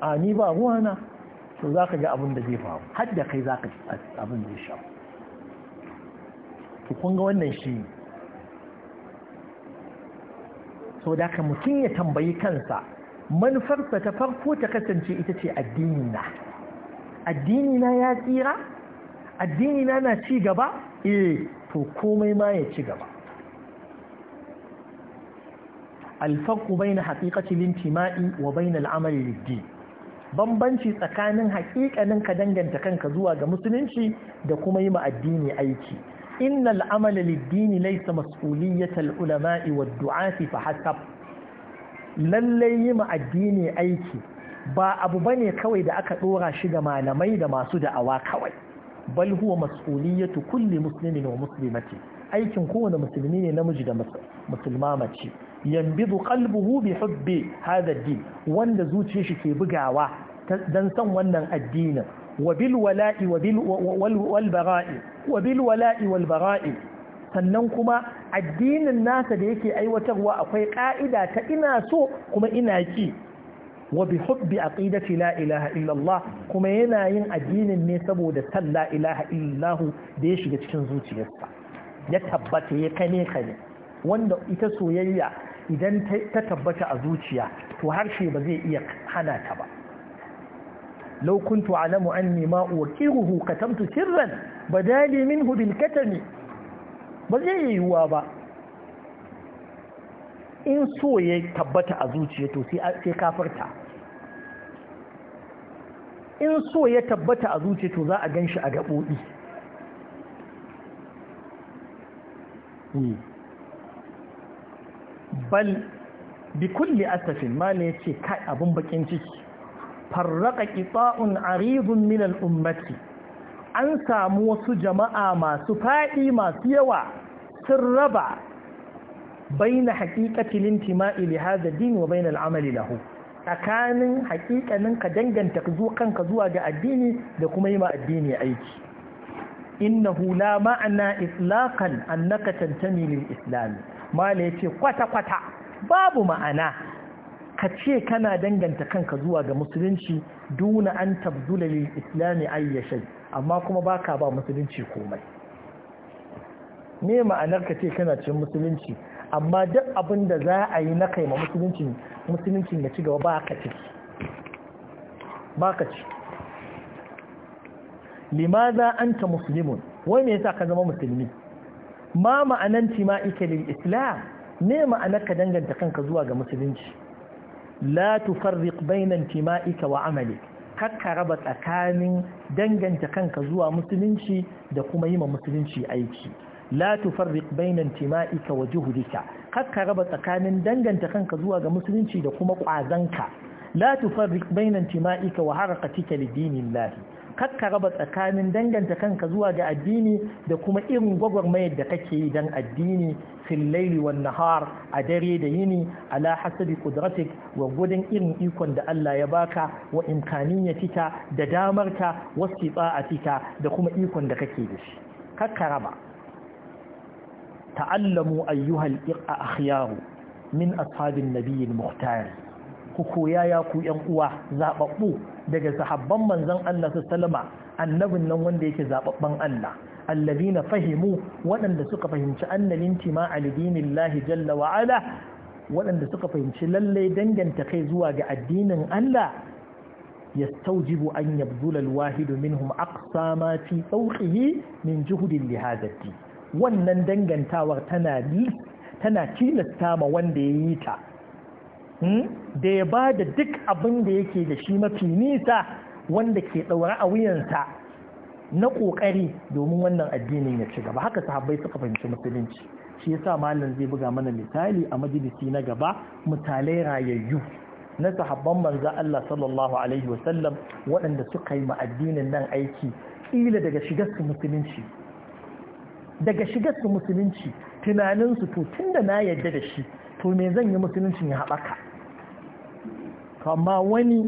a ni ba ruwana to za ka ga abin da zai faru har da kai za ka abin da ya shafu to kun ga wannan shi so da ka mutum ya tambayi kansa manufarsa ta farko ta kasance ita ce addinina addinina ya tsira addinina na ci gaba eh to komai ma ya ci gaba alfarku bai na haƙiƙacin lintima'i wa bai na al'amari liddi bambanci tsakanin haƙiƙanin ka danganta kanka zuwa ga musulunci da kuma yi ma addini aiki إن العمل للدين ليس مسؤولية العلماء والدعاة فحسب lallai yi ma addini aiki ba abu bane kawai da aka ɗora shi da malamai da masu da'awa kawai bal huwa mas'uliyatu kulli muslimin wa muslimati aikin kowane musulmi ne namiji da musulma mace yanbidu qalbuhu bi hubbi hadha wanda zuciyar shi ke bugawa dan san wannan addinin wabil wala'i wal bara'i sannan kuma addinin nasa da yake aiwatarwa akwai ƙa'ida ta ina so kuma ina ki wa bi hubbi aqidati la ilaha illallah kuma yana yin addinin ne saboda san la ilaha illallah da ya shiga cikin zuciyarsa ya tabbata ya kane kane wanda ita soyayya idan ta tabbata a zuciya to harshe ba zai iya hana ta ba لو كنت أعلم أني ما أوكره كتمت سرا بدالي منه بالكتم بزي يوابا in so ya tabbata a zuciya to sai kafarta in so ya tabbata a zuciya to za a gan shi a gaɓoɓi bal bi kulli asafin ma ya ce ka abin baƙin ciki farraka qita'un aridun min al-ummati an samu wasu jama'a masu faɗi masu yawa sun raba baina haqiqati lintima'i li hadha din wa baina al-amali lahu tsakanin haƙiƙanin ka danganta kanka zuwa ga addini da kuma yi ma addini aiki innahu hula ma'ana islaqan annaka tantami lil islam mala yace kwata kwata babu ma'ana ka ce kana danganta kanka zuwa ga musulunci duna an tabzula lil islami ayyashai amma kuma baka ba musulunci komai me ma'anar ka ce kana cin musulunci amma duk abin da za a yi na kai ma musulunci musulunci ya cigaba gaba ba ka ci ba ka ci limaza anta muslimun wai me yasa ka zama musulmi ma ma'anan ma ikalil islam me ma'anar ka danganta kanka zuwa ga musulunci la tufarriq bayna tima'ika wa amalik kakka raba tsakanin danganta kanka zuwa musulunci da kuma yi ma musulunci aiki la tufarriq bayna tima'ika wa juhdika kakka raba tsakanin danganta kanka zuwa ga musulunci da kuma kwazanka la tufarriq bayna tima'ika wa haraqatika lidinillah kakka raba tsakanin danganta kanka zuwa ga addini da kuma irin gwagwarmayar da kake yi don addini fillaili laili nahar a dare da yini ala hasabi qudratik wa gudun irin ikon da Allah ya baka wa imkaniyatika da damarka a fita da kuma ikon da kake da shi kakka raba ta'allamu ayyuhal akhyaru min ashabin nabiyil muhtari ku koya ya ku yan uwa zababbu daga sahabban manzon Allah sallama annabin nan wanda yake zababban Allah na fahimu waɗanda suka fahimci annalin tima dinillahi, jalla wa waɗanda suka fahimci lallai, danganta kai zuwa ga addinin Allah yastaujibu an yabdula alwahidu minhum aqsa ma fi tsawqihi min juhudin lihadati wannan dangantawar tana tana tilasta ma wanda ya yi ta Hmm? da ya ba da duk abin da yake da shi mafi nisa wanda ke ɗaura a wuyansa na ƙoƙari domin wannan addinin ya ci gaba haka sahabbai suka fahimci musulunci shi yasa malam zai buga mana misali a majalisi na gaba misalai rayayyu na sahabban manza Allah sallallahu alaihi wasallam waɗanda suka yi ma addinin nan aiki ƙila daga shigar su musulunci daga shigar su musulunci tunaninsu to tunda na yadda da shi to me zan yi musuluncin ya haɓaka amma wani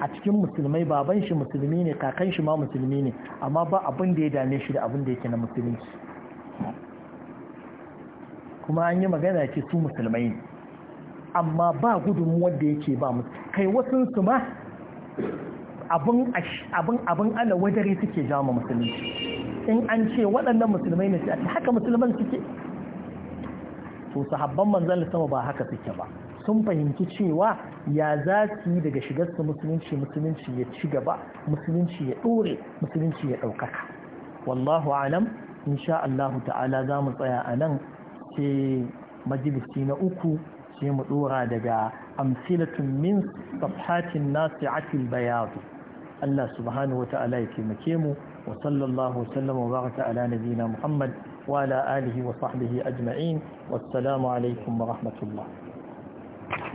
a cikin musulmai baban shi musulmi ne kakan shi ma musulmi ne amma ba abin da ya dame shi da abin da yake na musulunci kuma an yi magana ce su musulmai ne amma ba gudun wanda yake ba musu kai wasu su ma abin abin ala wadare suke jama musulunci in an ce waɗannan musulmai ne haka musulman suke to sahabban manzon sama ba haka suke ba sun fahimci cewa ya za yi daga shigar su musulunci musulunci ya ci gaba musulunci ya ɗore musulunci ya ɗaukaka wallahu alam insha Allah ta'ala za mu tsaya a nan sai majalisi na uku sai mu ɗora daga amsilatun min safhatin nasi'atil bayadu Allah subhanahu wa ta'ala ya taimake mu wa sallallahu wa sallama wa baraka ala nabiyina Muhammad وعلى آله وصحبه أجمعين والسلام عليكم ورحمة الله